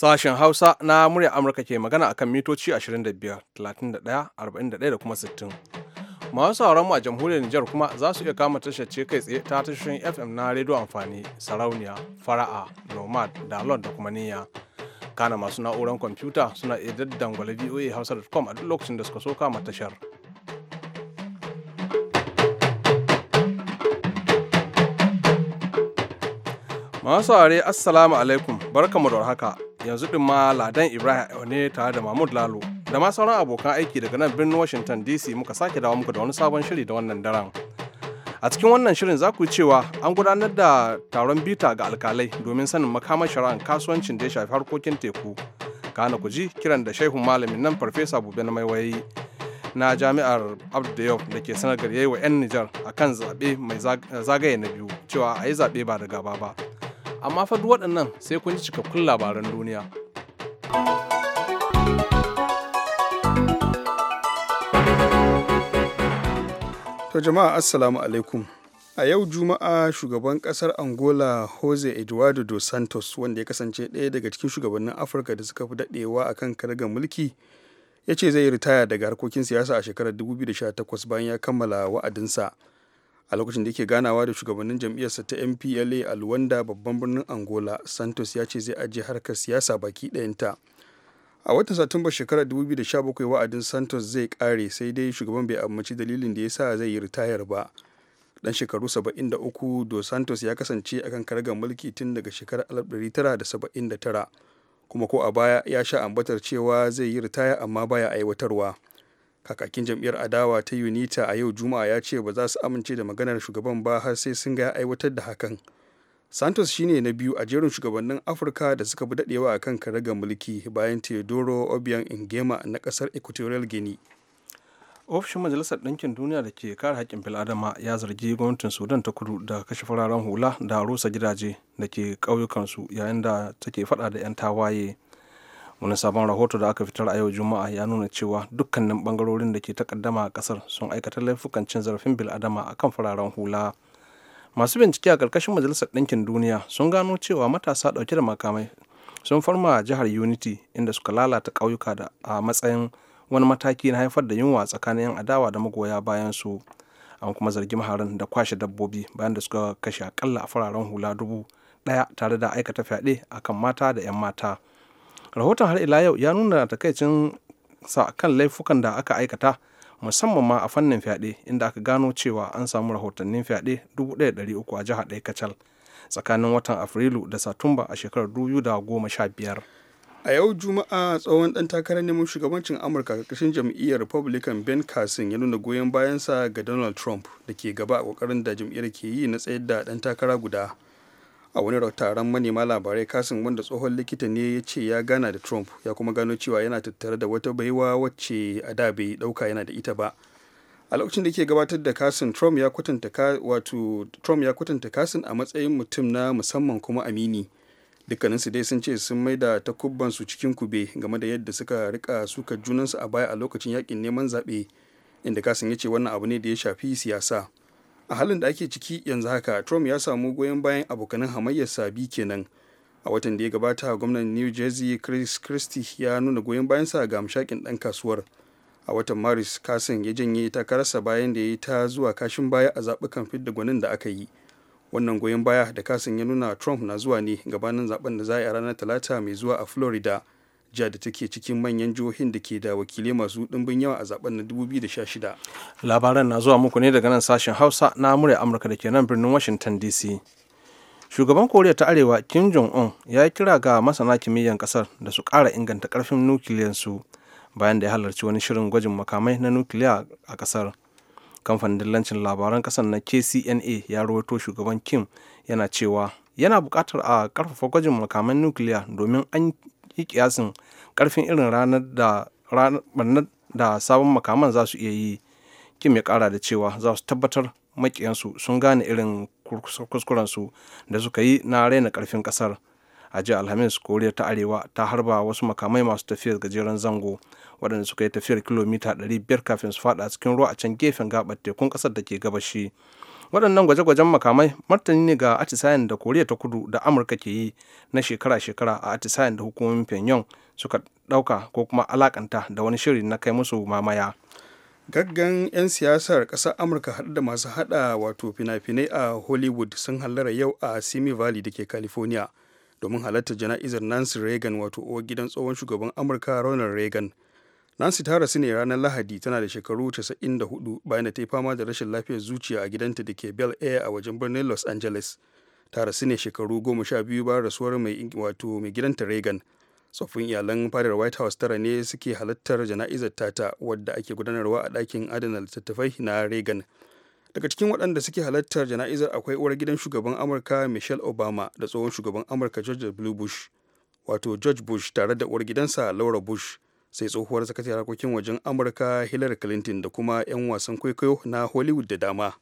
Sashen Hausa na murya Amurka ke magana akan mitoci 25, 31, 41 da kuma 60. Masu sauran mu a jamhuriyar Nijar kuma za su iya kama tashar ce kai tsaye ta tashoshin FM na rediyo amfani, sarauniya, fara'a, nomad, dalot da kuma niyya. Kana masu na'uran kwamfuta suna iya daddan Hausa voa hausa.com a duk lokacin da suka so kama tashar. Masu saurare assalamu alaikum barkamu da haka yanzu ɗin ma Ladan Ibrahim ne tare da Mahmud Lalo da ma sauran abokan aiki daga nan birnin Washington DC muka sake dawo muku da wani sabon shiri da wannan daren. A cikin wannan shirin za ku cewa an gudanar da taron bita ga alkalai domin sanin makamar shari'ar kasuwancin da ya shafi harkokin teku. Kana ku ji kiran da shehu malamin nan Farfesa Bube na Maiwayi na Jami'ar Abdu da ke sanar yayi wa 'yan Nijar akan zaɓe mai zagaye na biyu cewa a yi zaɓe ba da gaba ba. amma fa duk waɗannan sai kun ji cikakkun labaran duniya. To jama'a assalamu alaikum. A yau Juma'a shugaban ƙasar Angola Jose Eduardo dos Santos wanda ya kasance ɗaya daga cikin shugabannin Afirka da suka fi daɗewa a kan karagar mulki ya ce zai ritaya daga harkokin siyasa a shekarar 2018 bayan ya kammala wa'adinsa. a lokacin da yake ganawa da shugabannin jam'iyyarsa ta mpla a luwanda babban birnin angola santos ya ce zai ajiye harkar siyasa baki ɗayanta a watan satumba shekarar 2017 wa'adin santos zai kare sai dai shugaban bai amince dalilin da ya sa zai yi ritayar ba dan shekaru 73 do santos ya kasance akan karagar mulki tun daga shekarar 1979 kuma ko a baya ya sha ambatar cewa zai yi ritaya amma baya aiwatarwa kakakin jam'iyyar adawa ta unita a yau juma'a ya ce ba za su amince da maganar shugaban ba har sai sun ga aiwatar da hakan santos shine na biyu a jerin shugabannin afirka da suka bi dadewa a akan karagar mulki bayan teodoro obiang ingema na kasar equatorial guinea ofishin majalisar ɗinkin duniya da ke kare haƙƙin filadama ya zargi gwamnatin sudan ta kudu da kashe fararen hula da rusa gidaje da ke ƙauyukansu yayin da take faɗa da 'yan tawaye wani sabon rahoto da aka fitar a yau juma'a ya nuna cewa dukkanin bangarorin da ke takaddama a kasar sun aikata laifukan cin zarafin bil'adama a kan fararen hula masu bincike a karkashin majalisar ɗinkin duniya sun gano cewa matasa ɗauke da makamai sun farma a jihar unity inda suka lalata ƙauyuka da a matsayin wani mataki na haifar da yunwa tsakanin 'yan adawa da magoya bayan su an kuma zargi maharin da kwashe dabbobi bayan da suka kashe akalla a fararen hula dubu ɗaya tare da aikata fyaɗe akan mata da 'yan mata rahoton har ila yau ya nuna takaicin sa kan laifukan da aka aikata musamman ma a fannin fyaɗe inda aka gano cewa an samu rahotannin fyaɗe 1,300 a jihar ɗaya kacal tsakanin watan afrilu da satumba a shekarar 2015 a yau juma'a tsohon dan takarar neman shugabancin amurka ƙarshen jam'iyyar republican ben carson ya nuna goyon bayansa ga donald trump da ke gaba a kokarin da jam'iyyar ke yi na tsayar da dan takara guda a wani taron manema labarai kasin wanda tsohon likita ne ya ce ya gana da trump ya kuma gano cewa yana tattare da wata baiwa wacce a da bai dauka yana da ita ba a lokacin da ke gabatar da kasin trump ya kwatanta kasin a matsayin mutum na musamman kuma amini dukkaninsu dai sun ce sun maida takubbansu cikin kube game da yadda suka rika suka junansu a baya a lokacin yakin neman zaɓe inda kasin ya ce wannan abu ne da ya shafi siyasa a halin da ake ciki yanzu haka trump ya samu goyon bayan abokanan hamayya sabi kenan a watan da ya gabata gwamnan new jersey chris christie ya nuna goyon bayansa ga mashakin dan kasuwar a watan maris kasin ya janye takararsa bayan da ya yi ta zuwa kashin baya a zaɓukan fidda gwanin da aka yi wannan goyon baya da kasin ya nuna trump na zuwa ne gabanin zaben da za a yi a ranar talata mai zuwa a florida jiya da take cikin manyan jihohin da ke da wakilai masu ɗimbin yawa a zaben na 2016 labaran na zuwa muku ne daga nan sashen hausa na murya amurka da ke nan birnin washington dc shugaban koriya ta arewa kim jong un ya yi kira ga masana kimiyyar kasar da su ƙara inganta ƙarfin nukiliyar su bayan da ya halarci wani shirin gwajin makamai na nukiliya a kasar kamfanin dillancin labaran kasar na kcna ya rawaito shugaban kim yana cewa yana buƙatar a ƙarfafa gwajin makaman nukiliya domin an yi kiyasin karfin irin ranar da barnar da sabon makaman za su iya yi kim ya kara da cewa za su tabbatar makiyansu sun gane irin kuskurensu da suka yi na raina karfin kasar a jiya alhamis koriya ta arewa ta harba wasu makamai masu tafiyar gajeren zango waɗanda suka yi tafiyar kilomita 500 kafin su fada cikin ruwa a can gefen gabar tekun ƙasar da ke gabashi waɗannan gwaje-gwajen makamai martani ne ga atisayen da koriya ta kudu da amurka ke yi na shekara-shekara a atisayen da hukumomin pyongyang suka ɗauka ko kuma alakanta da wani shiri na kai musu mamaya gaggan 'yan siyasar ƙasar amurka haɗu da masu haɗa wato fina-finai a hollywood sun hallara yau a simi valley da ke california domin halartar jana'izar nancy reagan wato uwar gidan tsohon shugaban amurka ronald reagan nancy ta rasu ne ranar lahadi tana da shekaru 94 bayan da ta yi fama da rashin lafiyar zuciya a gidanta da ke bel air a wajen birnin los angeles ta rasu ne shekaru 12 bayan rasuwar wato mai gidanta reagan tsoffin iyalan fadar white house tara ne suke halartar jana'izar tata wadda ake gudanarwa a ɗakin adana littattafai na reagan daga cikin waɗanda suke halartar jana'izar akwai uwar gidan shugaban amurka michelle obama da tsohon shugaban amurka george w bush wato george bush tare da uwar gidansa laura bush sai tsohuwar sakatar harkokin wajen amurka hillary clinton da kuma 'yan wasan kwaikwayo na hollywood da dama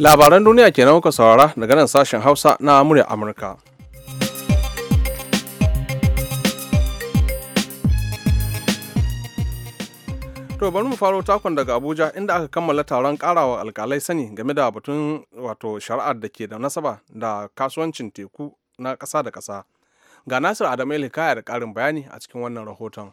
labaran duniya kenan muka saurara daga nan sashen hausa na murya amurka To bari mu faro takon daga Abuja inda aka kammala taron karawa alkalai sani game da batun wato shari'ar da ke da nasaba da kasuwancin teku na ƙasa da ƙasa. Ga Nasir Adamu Hikaya da ƙarin bayani a cikin wannan rahoton.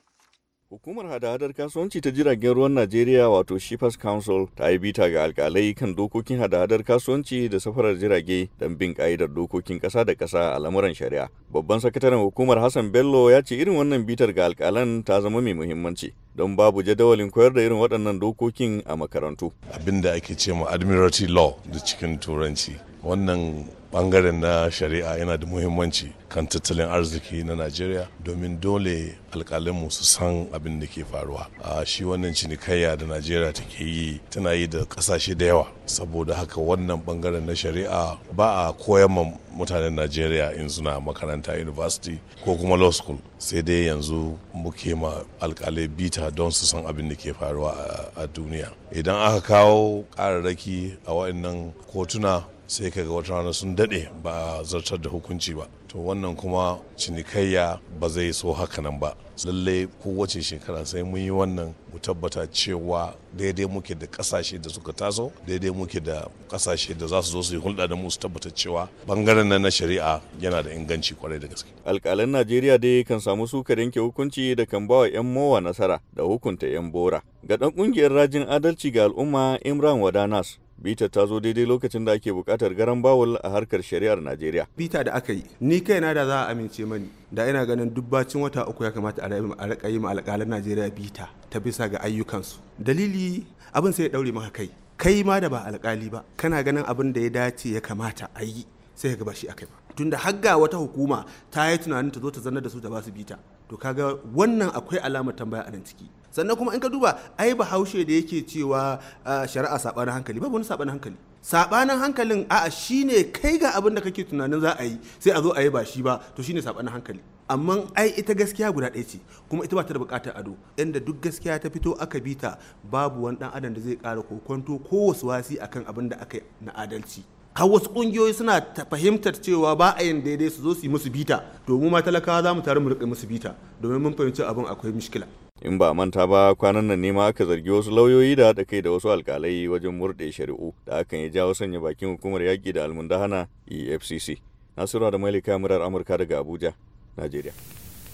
Hukumar Hadahadar kasuwanci ta jiragen ruwan Najeriya wato Shippers Council ta yi bita ga alkalai kan dokokin hada-hadar kasuwanci da safarar jirage don bin ka'idar dokokin ƙasa da ƙasa a lamuran shari'a. Babban sakataren hukumar Hassan Bello ya ce irin wannan bitar ga alkalan ta zama mai muhimmanci don babu jadawalin koyar da irin waɗannan dokokin a makarantu. Abinda ake ce ma Admiralty Law da cikin Turanci wannan bangaren na shari'a yana da muhimmanci kan tattalin arziki na najeriya domin dole alkalinmu su san abin da ke faruwa a shi wannan cinikayya da najeriya take yi tana yi da kasashe da yawa saboda haka wannan bangaren na shari'a ba a koyar ma mutanen najeriya in suna makaranta university ko kuma law school sai dai yanzu muke ma alkalai bita don su san abin da ke faruwa a duniya idan aka kawo kararraki a waɗannan kotuna sai kaga wata rana sun daɗe ba a zartar da hukunci ba to wannan kuma cinikayya ba zai so haka nan ba lallai kowace shekara sai mun yi wannan mu tabbata cewa daidai muke da kasashe da suka taso daidai muke da kasashe da za su zo su yi hulɗa da mu su tabbata cewa bangaren nan na shari'a yana da inganci kwarai da gaske alƙalan najeriya dai kan samu sukar yanke hukunci da kan ba wa 'yan mowa nasara da hukunta 'yan bora ga ɗan ƙungiyar rajin adalci ga al'umma imran wadanas Bita ta zo daidai lokacin da ake bukatar garan bawul a harkar shari'ar Najeriya. Bita da aka yi, ni kaina da za a amince mani, da ina ganin dubbacin wata uku ya kamata a raka yi ma alƙalan Najeriya bita ta bisa ga ayyukansu. Dalili abin sai ya daure maka kai. Kai ma da ba alƙali ba, kana ganin abin da ya dace ya kamata a yi sai ka ba shi akai ba. Tunda har wata hukuma ta yi tunanin ta zo ta zannar da su ta ba su bita. to kaga wannan akwai alamar tambaya a nan ciki sannan kuma in ka duba ai bahaushe da yake cewa shari'a sabanin hankali babu wani sabanin hankali saɓanin hankalin a'a shine kai ga abin da kake tunanin za a yi sai a zo a yi ba shi ba to shi ne sabanin hankali amma ai ita gaskiya guda ɗaya ce kuma ita ba ta da buƙatar ado inda duk gaskiya ta fito aka bi ta babu wani ɗan adam da zai ƙara kokonto ko wasu wasi akan abin da aka yi na adalci har wasu kungiyoyi suna fahimtar cewa ba a yin daidai su zo su yi musu bita domin ma talakawa za mu tare mu rika musu bita domin mun fahimci abin akwai mishkila in ba manta ba kwanan nan ne ma aka zargi wasu lauyoyi da haɗa kai da wasu alkalai wajen murɗe shari'u da hakan ya jawo sanya bakin hukumar yaƙi da almundahana efcc nasiru da malika murar amurka daga abuja najeriya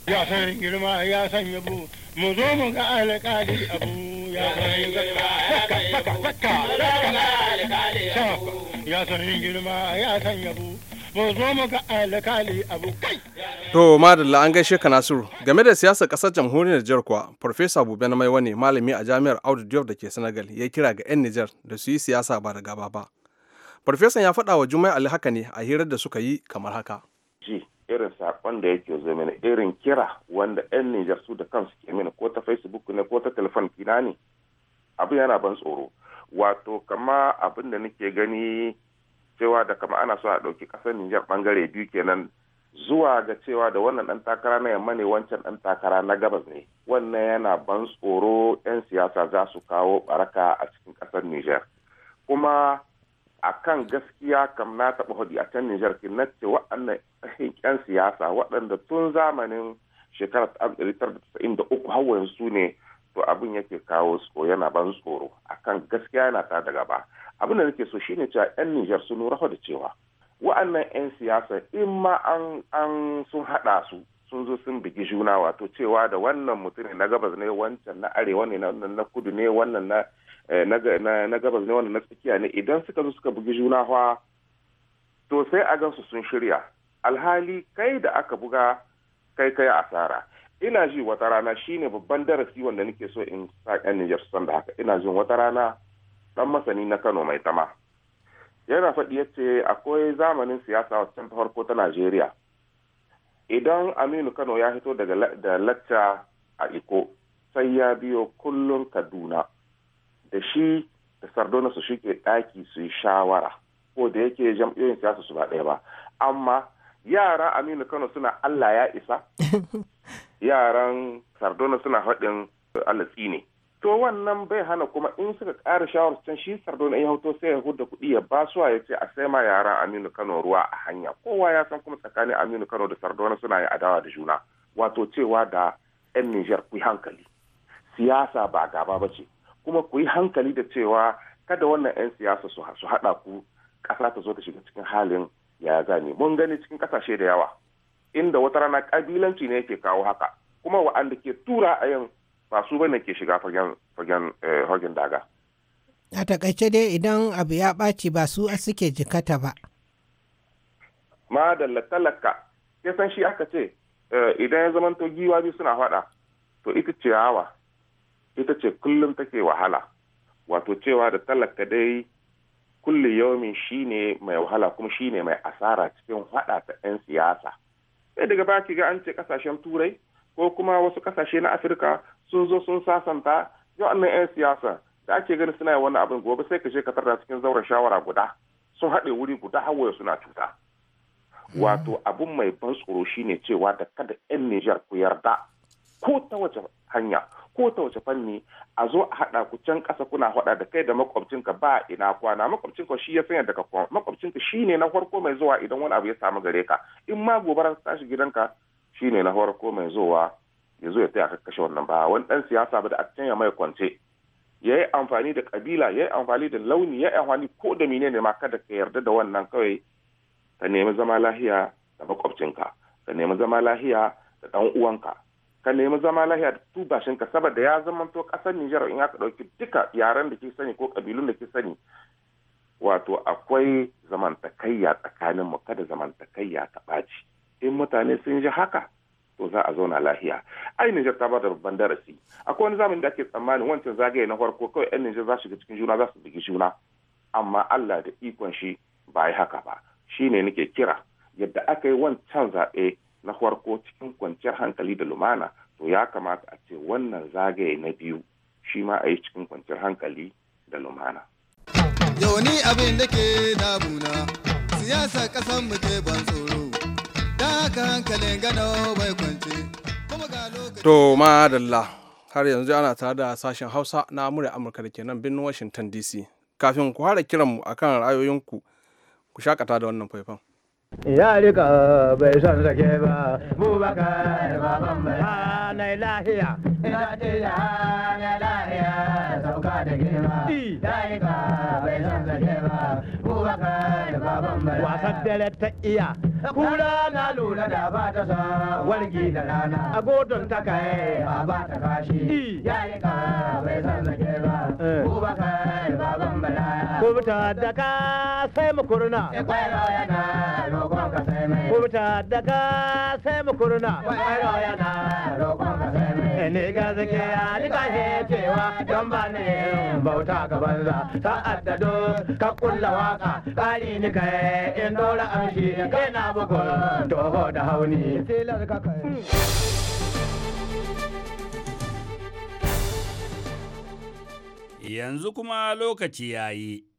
ya san girma ya san mu zo mu alƙali abu ya san girma ya san girma ya san mu zo mu alƙali abu kai to madalla an gaishe ka nasiru game da siyasar kasar jamhuriyar Nijar kuwa profesa Bube na Maiwa ne malami a jami'ar Audu Diop da ke Senegal ya kira ga 'yan Nijar da su yi siyasa ba da gaba ba farfesan ya faɗa wa Juma'a Ali haka ne a hirar da suka yi kamar haka irin saƙon da yake zo mini irin kira wanda 'yan Nijar su da kansu ke mini ko ta Facebook ne ko ta telefon kina ne abin yana ban tsoro wato kama abin da nake gani cewa da kama ana so a ɗauki ƙasar Nijar bangare biyu kenan zuwa ga cewa da wannan ɗan takara na yamma ne wancan ɗan takara na gabas ne wannan yana ban tsoro 'yan siyasa za su kawo baraka a cikin ƙasar Nijar kuma a kan gaskiya kam na taɓa hudu a can Nijar ke na ce waɗannan yan siyasa waɗanda tun zamanin shekarar uku har yanzu ne to abin yake kawo tsoro yana ban tsoro a kan gaskiya yana ta daga ba abin da nake so shine cewa yan Nijar sun nura da cewa waɗannan yan siyasa in ma an sun haɗa su sun zo sun bigi juna wato cewa da wannan mutum ne na gabas ne wancan na arewa ne na kudu ne wannan na Eh, na gabas ne wanda na tsakiya ne idan suka zo suka bugi juna fa to sai a gansu sun shirya alhali kai da aka buga kai kai asara ina ji wata rana shine babban darasi wanda nake so in sa yan Niger su san da haka ina jin wata rana dan masani na Kano mai tama yana faɗi ya ce akwai zamanin siyasa wacce ta farko ta Najeriya idan Aminu Kano ya fito daga da lacca a Iko sai ya biyo kullum Kaduna da shi da sardona su shige daki su yi shawara ko da yake jam'iyyoyin siyasa su ba ɗaya ba amma yara aminu kano suna allah ya isa yaran sardona suna faɗin allah tsine to wannan bai hana kuma in suka ƙara shawar can shi sardona ya hoto sai ya huda kuɗi ya ba su ya ce a sai ma yara aminu kano ruwa a hanya kowa ya san kuma tsakanin aminu kano da sardona suna yi adawa da juna wato cewa da yan nijar ku hankali siyasa ba gaba ba ce kuma ku yi hankali da cewa kada wannan 'yan siyasa su haɗa ku ƙasa ta zo ta shiga cikin halin ya zane mun gani cikin ƙasashe da yawa inda wata rana ƙabilanci ne yake kawo haka kuma wa'anda ke tura a yin ba su bane ke shiga fagen eh, daga a takaice dai idan abu ya ɓaci ba su suke jikata ba Ma latalaka ya san shi aka ce eh, idan ya zamanto giwa biyu suna faɗa to ita ciyawa ita ce kullum take wahala wato cewa da talaka dai kulli yaumin shine mai wahala kuma shine mai asara cikin hada ta 'yan siyasa sai daga baki ga an ce kasashen turai ko kuma wasu kasashe na afirka sun zo sun sasanta wa'annan 'yan siyasa da ake ganin suna wani abin gobe sai ka je ka tarda cikin zauren shawara guda sun haɗe wuri guda hawaye suna cuta wato abun mai ban tsoro shine cewa da kada 'yan nijar ku yarda ko ta wace hanya ko ta wace fanni a zo a haɗa ku can ƙasa kuna haɗa da kai da makwabcinka ba ina kwana makwabcinka shi ya sanya daga kwana makwabcinka shi ne na farko mai zuwa idan wani abu ya samu gare ka in ma gobara ta tashi gidanka shi ne na farko mai zuwa ya zo ya taya ka kashe wannan ba wani ɗan siyasa ba da a can ya mai kwance ya yi amfani da kabila ya yi amfani da launi ya yi amfani ko da mine ne ma kada ka yarda da wannan kawai ka nemi zama lahiya da makwabcinka ka nemi zama lahiya da dan uwanka ka nemi zama lahiya da tubashin ka saboda ya zama to kasar Nijar in aka dauki duka yaren da ke sani ko kabilun da ke sani wato akwai zamantakayya tsakanin mu kada zamantakayya ta baci in mutane sun ji haka to za a zauna lahiya ai Nijar ta bada babban darasi akwai wani zamani da ake tsammanin wancan zagaye na farko kawai yan Nijar za su shiga cikin juna za su bugi juna amma Allah da ikon shi ba yi haka ba shine nake kira yadda aka yi wancan zaɓe na farko cikin kwanciyar hankali da lumana to ya kamata a ce wannan zagaye na biyu shi ma a yi cikin kwanciyar hankali da lumana. Yau ni abin da ke damuna siyasa kasan mu ke ban tsoro da haka hankalin gano bai kwance. To madalla har yanzu ana tare da sashen Hausa na Amurka Amurka da ke nan birnin Washington DC. Kafin ku hara kiranmu akan ra'ayoyinku ku shakata da wannan faifan. yarika bai son sake ba bubakar baban bala na lahiya ina ce ya na lahiya sauka da girma yarika bai son sake ba bubakar baban bala wasan dare ta iya kura na lura da ba ta sa wargi da rana a godon ta kai ba ba ta kashi yarika bai son sake ba bubakar eh. Kubuta daga sai mu kurna. Kwairo na, roƙon ka sai mai. Kubuta daga sai mu kurna. Kwairo na, roƙon ka sai mai. Ni gaske ya rika cewa don ba ne bauta ka banza. Ta da do ka kulla waka ƙari ni kai in dora amshi kai na bugun toho da hauni. yanzu kuma lokaci ya yi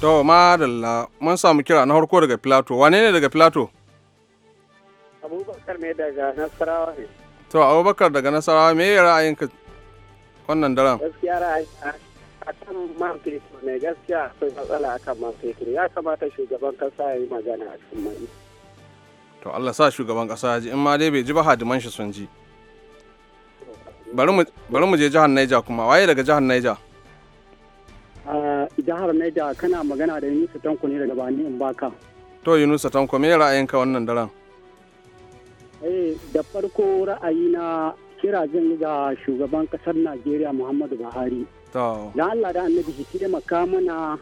To madalla mun samu kira na harko daga Filato. Wane ne daga Filato? Abubakar ne daga Nasarawa ne. To Abubakar daga Nasarawa me ya ra'ayinka wannan daren? Gaskiya ra'ayi a kan man fetur ne gaskiya akwai matsala a kan man fetur ya kamata shugaban kasa ya yi magana a cikin mai. To Allah sa shugaban kasa ya ji in ma dai bai ji ba hadiman shi sun ji. Bari mu je jihar Naija kuma waye daga jihar Naija? mai da kana magana da Yunusa Tanko ne daga Bani in baka. To Yunusa Tanko me ra'ayinka wannan daren? Eh da farko ra'ayi na kira zan yi ga shugaban kasar Najeriya Muhammadu Buhari. To. Da Allah da Annabi shi taimaka mana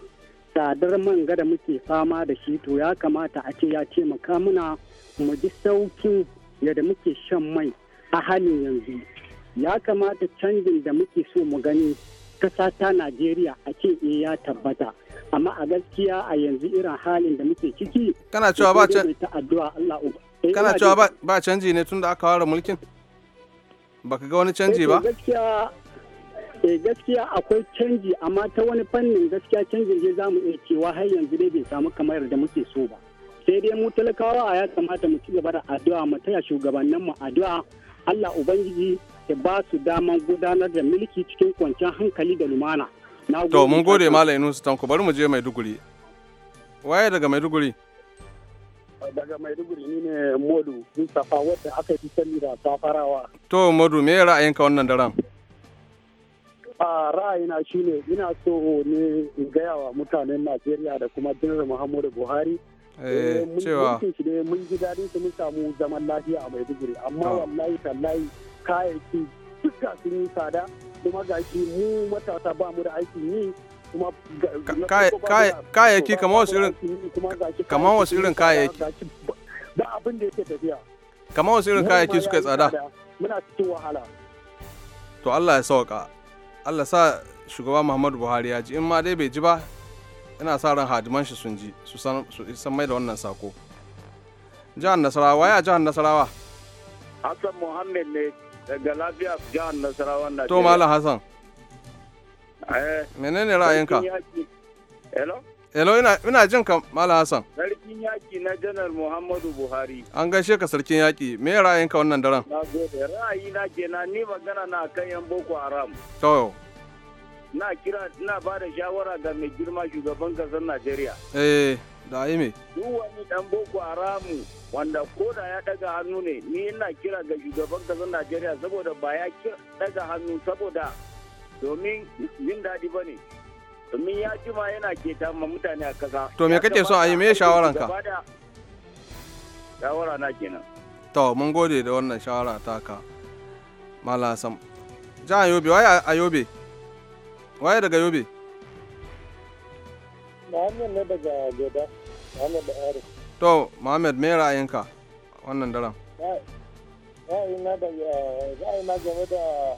tsadar man da muke fama da shi to ya kamata a ce ya ce makamuna mu ji sauƙin yadda muke shan mai a halin yanzu. Ya kamata canjin da muke so mu gani kasa ta Najeriya a ce eh ya tabbata. Amma a gaskiya a yanzu irin halin da muke ciki. Kana cewa ba can. Eh, Kana cewa ba canji ne tun da aka ware mulkin? Baka ga wani canji eh, ba? Gaskiya eh, gaskiya akwai canji amma ta wani fannin gaskiya canjin ne zamu iya cewa har yanzu dai bai samu kamar da muke so ba sai dai mu talakawa ya kamata mu ci gaba da addu'a mu taya shugabannin mu addu'a Allah ubangiji ya ba su daman gudanar da mulki cikin kwanciyar hankali da lumana. To mun gode Malam Inusu Tanko bari mu je Maiduguri. Waye daga Maiduguri? Daga Maiduguri ni ne Modu Mustapha wadda aka fi sani da safarawa. To Modu me ra'ayinka wannan daren? a ra'ayina shine ina so ne in gaya wa mutanen Najeriya da kuma Janar Muhammadu Buhari eh, eh, cewa mun ji daɗin su mun samu zaman lafiya a Maiduguri amma wallahi tallahi kayayyaki duka sun yi tsada kuma ga shi mu matasa ba mu da aikin yi kuma kayayyaki kamar wasu irin kamar wasu irin kayayyaki da abin da yake tafiya kamar wasu irin kayayyaki suka yi tsada muna cikin wahala to Allah ya sauka Allah sa shugaba Muhammadu Buhari ya ji in ma dai bai ji ba ina sa ran hadiman shi sun ji su san su san mai da wannan sako jihar Nasarawa ya jihar Nasarawa Hassan Muhammad ne daga lafiya jihar nasarawa na to malam hassan eh. menene ra'ayinka hello hello ina ina jin ka malam hassan sarkin yaki na janar muhammadu buhari an gaishe ka sarkin yaki me ra'ayinka wannan daren ra'ayi na kenan ni magana na kan yan boko haram to na kira na ba da shawara ga mai girma shugaban kasar najeriya eh da yi mai. duk wani dan boko haramu wanda ko da ya daga hannu ne ni ina kira ga shugaban kasar najeriya saboda ba ya daga hannu saboda domin yin daɗi ba ne domin ya ma yana ke ma mutane a kasa to me kake so a yi me ka shawara na kenan to mun gode da wannan shawara taka mala sam jan yobe waye a yobe waye daga yobe Muhammad ne daga Goda. Muhammad da To, Muhammad me ra'ayinka wannan daren? Eh, game da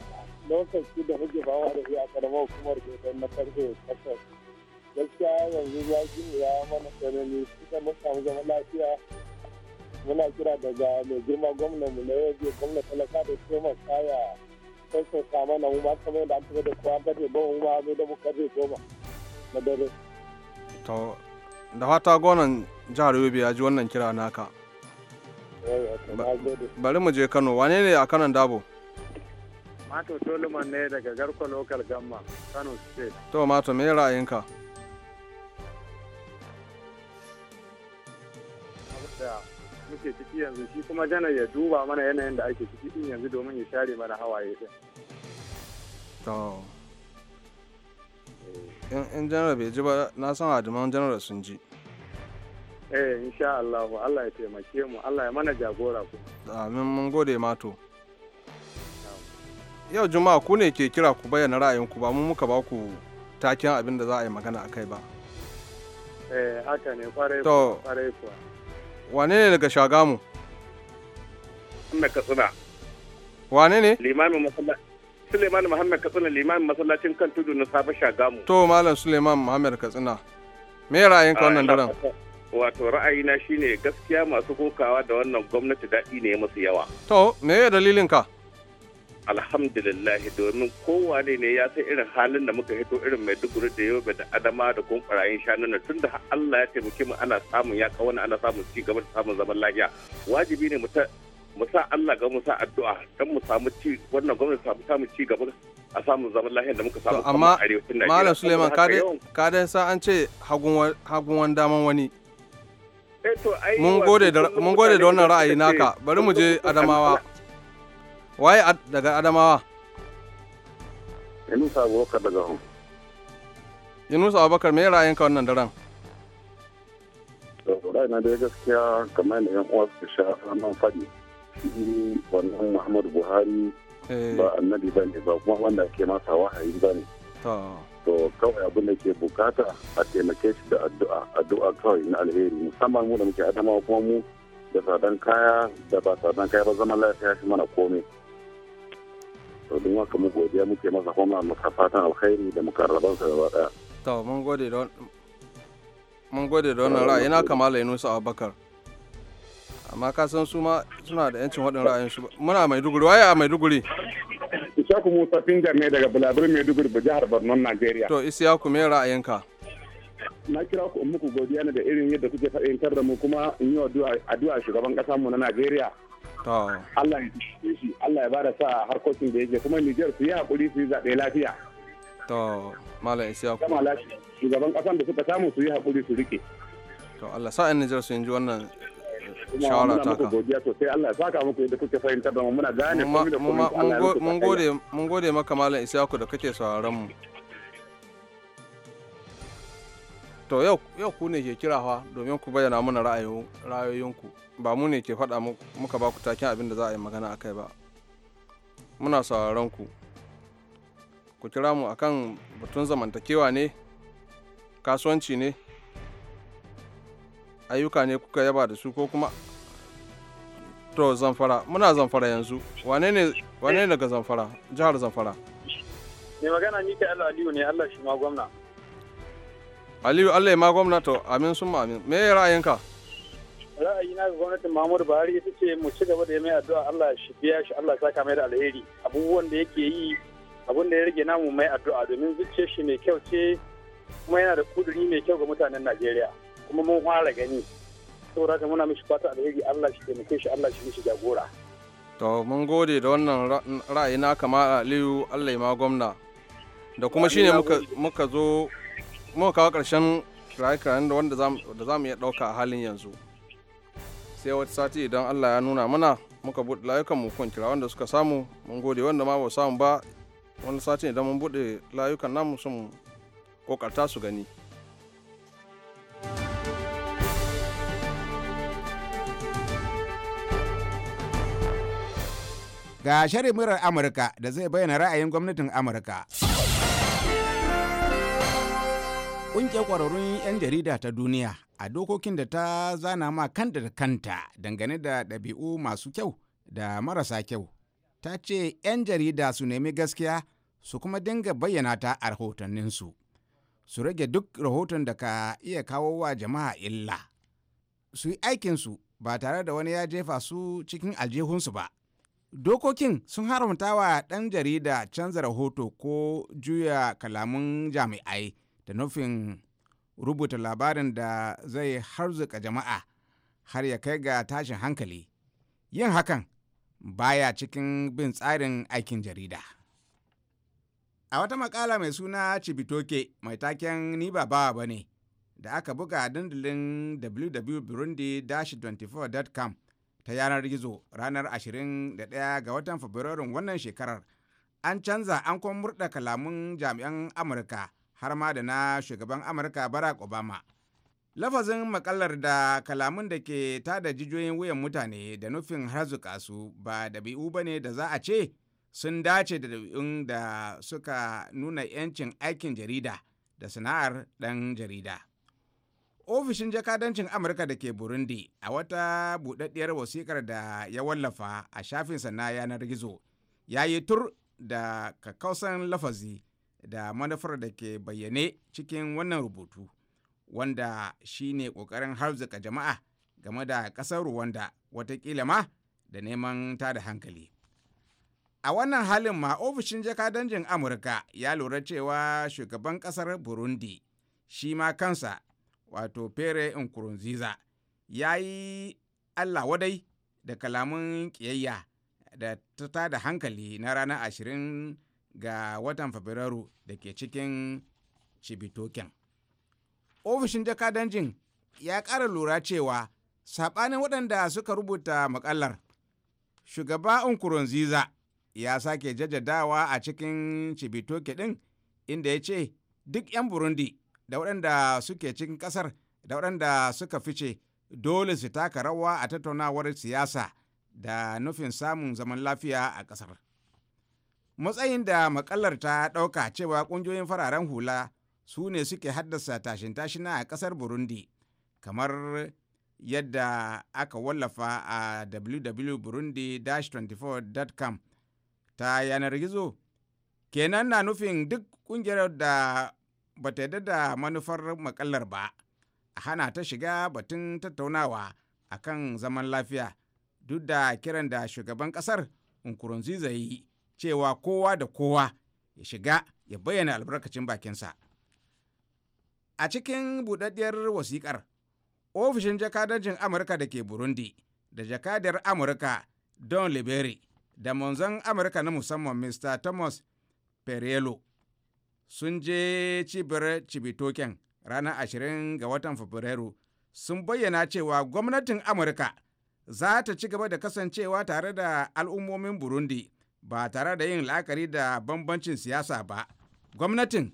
lokaci da muke da a karamar hukumar Jordan na karfe kasar. Gaskiya yanzu ya ya mana tsanani suka mun zama lafiya muna kira daga mai girma gwamnan mu na yau gwamnan da Thomas Kaya samu na da kowa da na dare. da fata gonan jihar yobe ya ji wannan kira naka bari mu je kano wane ne a kanan dabo mato toluman ne daga garko local gamma kano state to mato me ra'ayinka muke ciki yanzu shi kuma janar ya duba mana yanayin da ake ciki yanzu domin ya share mana hawaye din in janar bai ji ba na san hadiman janar sun ji eh insha Allah Allah ya taimake mu Allah ya mana jagora ku amin mun gode mato yau juma'a ku ne ke kira ku bayyana ra'ayinku ba mu muka ba ku taken abin da za a yi magana akai ba eh haka ne kwarai kwarai kuwa wane ne daga shagamu Katsina wane ne limamin masallaci Suleiman Muhammad Katsina liman masallacin kan tudu na Sabo Shagamu. To Malam Suleiman Muhammad Katsina. Me ka wannan ah, daren? Wato ra'ayina shine gaskiya masu kokawa da wannan gwamnati daɗi ne masu yawa. To me ya dalilin ka? Alhamdulillah domin kowa ne ya san irin halin da muka hito irin Maiduguri da yau da Adama da kuma barayin shanuna tun da Allah ya taimake mu ana samun ya kawo ana samun ci gaba da samun zaman lafiya. Wajibi ne mu ta mu sa Allah ga mu sa addu'a dan mu samu ci wannan gwamnati samu samu ci gaba a samu zaman lafiya da muka samu amma malam Suleiman ka ka dai sa an ce hagun hagun daman wani eh, mun gode da mun gode da wannan ra'ayi naka bari mu je Adamawa waye daga Adamawa sa Abubakar daga Hon. sa Abubakar me ka wannan daren? Ra'ayina dai gaskiya kamar ne 'yan uwa su sha nan fadi. shi wannan muhammadu buhari ba eh. annabi ba ne ba kuma wanda ke masa wahayi ba ne to kawai abin da ke bukata a taimake shi da addu'a addu'a kawai na alheri musamman mu da muke adama kuma mu da sadan kaya da ba sadan kaya ba zaman lafiya shi mana komai to don haka mu godiya muke masa kuma masa fatan alheri da mukarrabansa gaba daya to mun gode don mun gode don wannan kamala yunus Abubakar amma ka san su ma suna da yancin waɗin su muna maiduguri waye a maiduguri Ishaku Musa Finjar ne daga Bulabir Maiduguri ba jihar Borno nigeria. To Isiyaku me ra'ayinka? Na kira ku muku godiya ne da irin yadda kuke fahimtar da mu kuma in yi addu'a shugaban ƙasa mu na nigeria. Allah ya shi Allah ya da sa harkokin da yake kuma Nijar su yi hakuri su yi zaɓe lafiya. To Malam Isiyaku. Kama lafiya shugaban ƙasan da suka samu su yi hakuri su rike. To Allah sa'an Nijar su yi wannan kuma muna muku godiya sosai Allah ya saka muku yadda kuke fahimtar da mu muna gane komai da komai mun gode mun gode maka malam Isiyaku da kake sauraron mu to yau yau ku ne ke kira fa domin ku bayyana mana ra'ayoyinku ba mu ne ke faɗa muka ba ku taken abin da za a yi magana akai ba muna sauraron ku ku kira mu akan batun zamantakewa ne kasuwanci ne ayyuka ne kuka yaba da su ko kuma to zamfara muna zamfara yanzu wane ne daga zamfara jihar zamfara mai magana ni kai Allah Aliyu ne Allah shi ma gwamna Aliyu Allah ma gwamna to amin sun amin me ya ra'ayinka ra'ayina ga gwamnatin Muhammadu Buhari ita ce mu ci gaba da yi mai addu'a Allah shi biya shi Allah ya saka mai da alheri abubuwan da yake yi abun da ya rage namu mai addu'a domin zuciyar shi mai kyau ce kuma yana da kuduri mai kyau ga mutanen Najeriya kuma mun fara gani saboda haka muna mishi fata alheri Allah shi taimake shi Allah shi mishi jagora to mun gode da wannan ra'ayi na kama Aliyu Allah ma gwamna da kuma shine muka muka zo muka kawo karshen kiraye-kirayen da wanda da zamu iya dauka a halin yanzu sai wata sati idan Allah ya nuna mana muka buɗe layukan kun kira wanda suka samu mun gode wanda ma ba samu ba wani sati idan mun buɗe layukan namu sun kokarta su gani Ga shirin murar Amurka da zai bayyana ra'ayin gwamnatin Amurka. Ƙungiyar ƙwararrun 'yan jarida ta duniya a dokokin da ta zana ma kanta da kanta dangane da ɗabi'u masu kyau da marasa kyau. Ta ce 'yan jarida su nemi gaskiya su kuma dinga bayyana ta a rahotanninsu. Su rage duk rahoton da ka iya kawo wa jama'a illa. Su yi aikinsu ba tare da wani ya jefa su cikin aljihunsu ba. dokokin sun haramta wa ɗan jarida canza rahoto ko juya kalamun jami'ai da nufin rubuta labarin da zai harzuka jama'a har ya kai ga tashin hankali yin hakan baya cikin bin tsarin aikin jarida a wata makala mai suna cibitoke mai taken ni ba bawa ba ne da aka buga dandalin www.burundi-24.com ta yanar gizo ranar 21 ga watan fabrairun wannan shekarar an canza an kuma murda kalamun jami'an amurka har ma da na shugaban amurka barack obama lafazin makallar da kalamun da ke tada jijiyoyin wuyan mutane da nufin harzuka su ba dabi'u ba ne da za a ce sun dace da dabi'un da suka nuna 'yancin aikin jarida da sana'ar ɗan jarida ofishin jakadancin amurka da ke burundi a wata budaddiyar wasikar da ya wallafa a shafinsa na yanar gizo ya yi tur da kakausan lafazi da manufar da ke bayyane cikin wannan rubutu wanda shi ne kokarin harzuka jama'a game da ƙasar ruwanda watakila ma da neman ta da hankali. A wannan halin ma ofishin jakadancin Amurka ya lura cewa shugaban ƙasar Burundi shi ma kansa wato fere nkurunziza ya yi allah wadai da kalamin ƙiyayya da ta tada hankali na ranar ashirin ga watan fabrairu da ke cikin shibitoken ofishin jakadanjin ya ƙara lura cewa saɓanin waɗanda suka rubuta makallar shugaba nkurunziza ya sake jajadawa a cikin cibitokin ɗin inda ya ce duk 'yan burundi da waɗanda suke cikin ƙasar da waɗanda suka fice dole su taka rawa a tattaunawar siyasa da nufin samun zaman lafiya a ƙasar. Matsayin da makallar ta ɗauka cewa ƙungiyoyin fararen hula su ne suke haddasa tashin-tashina a ƙasar Burundi, kamar yadda aka wallafa a www.burundi-24.com ta yanar gizo. Kenan na nufin duk ƙungiyar da ba ta yarda da manufar makallar ba a hana ta shiga batun tattaunawa a kan zaman lafiya duk da kiran da shugaban kasar nkurunziza yi cewa kowa da kowa ya shiga ya bayyana albarkacin bakinsa a cikin budaddiyar wasiƙar ofishin jakadajin amurka da ke burundi da jakadar amurka don liberi da manzon amurka na musamman mr thomas perello sun je cibiyar cibitoken ranar ashirin ga watan fabrairu sun bayyana cewa gwamnatin amurka za ta ci gaba da kasancewa tare da al'ummomin burundi ba tare da yin la'akari da bambancin siyasa ba gwamnatin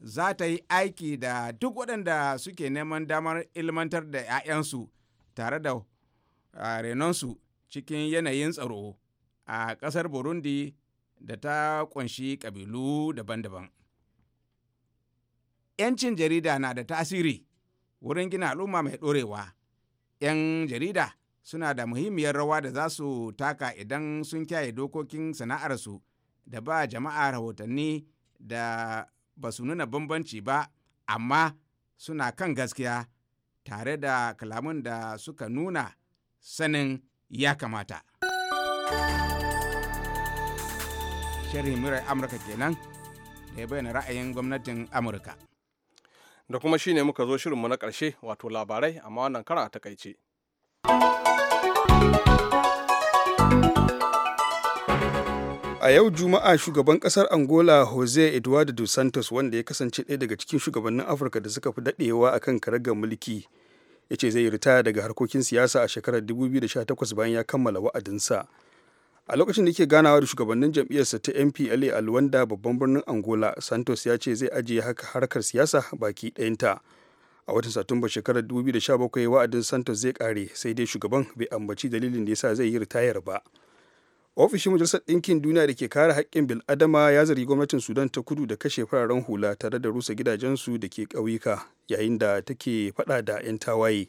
za ta yi aiki da duk waɗanda suke neman damar ilmantar da 'ya'yansu tare da renonsu cikin yanayin tsaro a ƙasar burundi da ta ƙunshi ƙabilu daban-daban 'yancin jarida na da tasiri wurin gina al'umma mai ɗorewa. 'Yan jarida suna da muhimmiyar rawa da za su taka idan sun kyaye dokokin sana'arsu da ba jama'a rahotanni da ba su nuna bambanci ba amma suna kan gaskiya tare da kalamun da suka nuna sanin ya kamata. Sharhin murai Amurka kenan da ya bayyana ra'ayin gwamnatin Amurka. da kuma shi ne muka zo shirinmu na ƙarshe wato labarai amma wannan kara a takaice. a yau juma'a shugaban kasar angola jose eduardo dos santos wanda ya kasance ɗaya daga cikin shugabannin afirka da suka fi daɗewa a kan karagar mulki ya ce zai ritaya daga harkokin siyasa a shekarar 2018 bayan ya kammala wa'adinsa. a lokacin da ke ganawa da shugabannin jam'iyyarsa ta mpla a luwanda babban birnin angola santos ya ce zai ajiye haka harkar siyasa baki ɗayanta a watan satumba shekarar 2017 wa'adin santos zai kare sai dai shugaban bai ambaci dalilin da yasa zai yi ritayar ba ofishin majalisar ɗinkin duniya da ke kare haƙƙin bil'adama ya zargi gwamnatin sudan ta kudu da kashe fararen hula tare da rusa gidajensu da ke ƙauyuka yayin da take faɗa da 'yan tawaye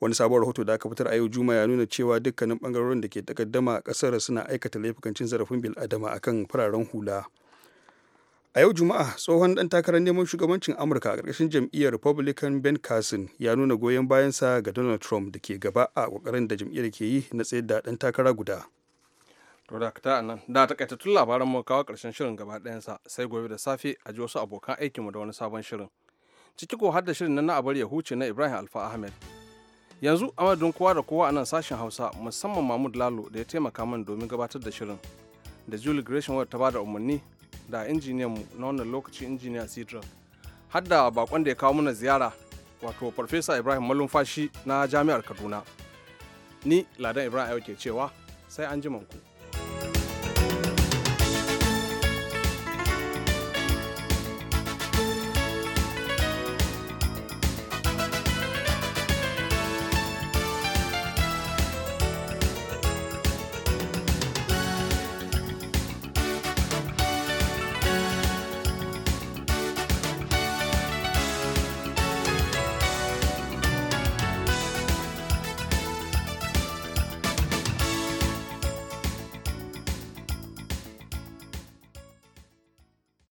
wani sabon rahoto da aka fitar a yau juma ya nuna cewa dukkanin bangarorin da ke takaddama a kasar suna aikata laifukan cin zarafin bil'adama akan fararen hula a yau juma'a tsohon dan takarar neman shugabancin amurka a ƙarƙashin jam'iyyar republican ben carson ya nuna goyon bayansa ga donald trump da ke gaba a kokarin da jam'iyyar ke yi na tsayar da dan takara guda to da ta nan da tun labaran mu kawo ƙarshen shirin gaba ɗayansa sai gobe da safe a ji wasu abokan aikinmu da wani sabon shirin ciki ko har da shirin nan na abar ya huce na ibrahim alfa ahmed yanzu a madadin kowa da kowa a nan sashen hausa musamman mahmud lalo da ya taimaka min domin gabatar da shirin da julie gresham ta ba da umarni da injiniyan mu na wannan lokaci injiniya sidra har da bakon da ya kawo mana ziyara wato farfesa ibrahim malumfashi na jami'ar kaduna ni ladan ibrahim ke cewa sai an ku.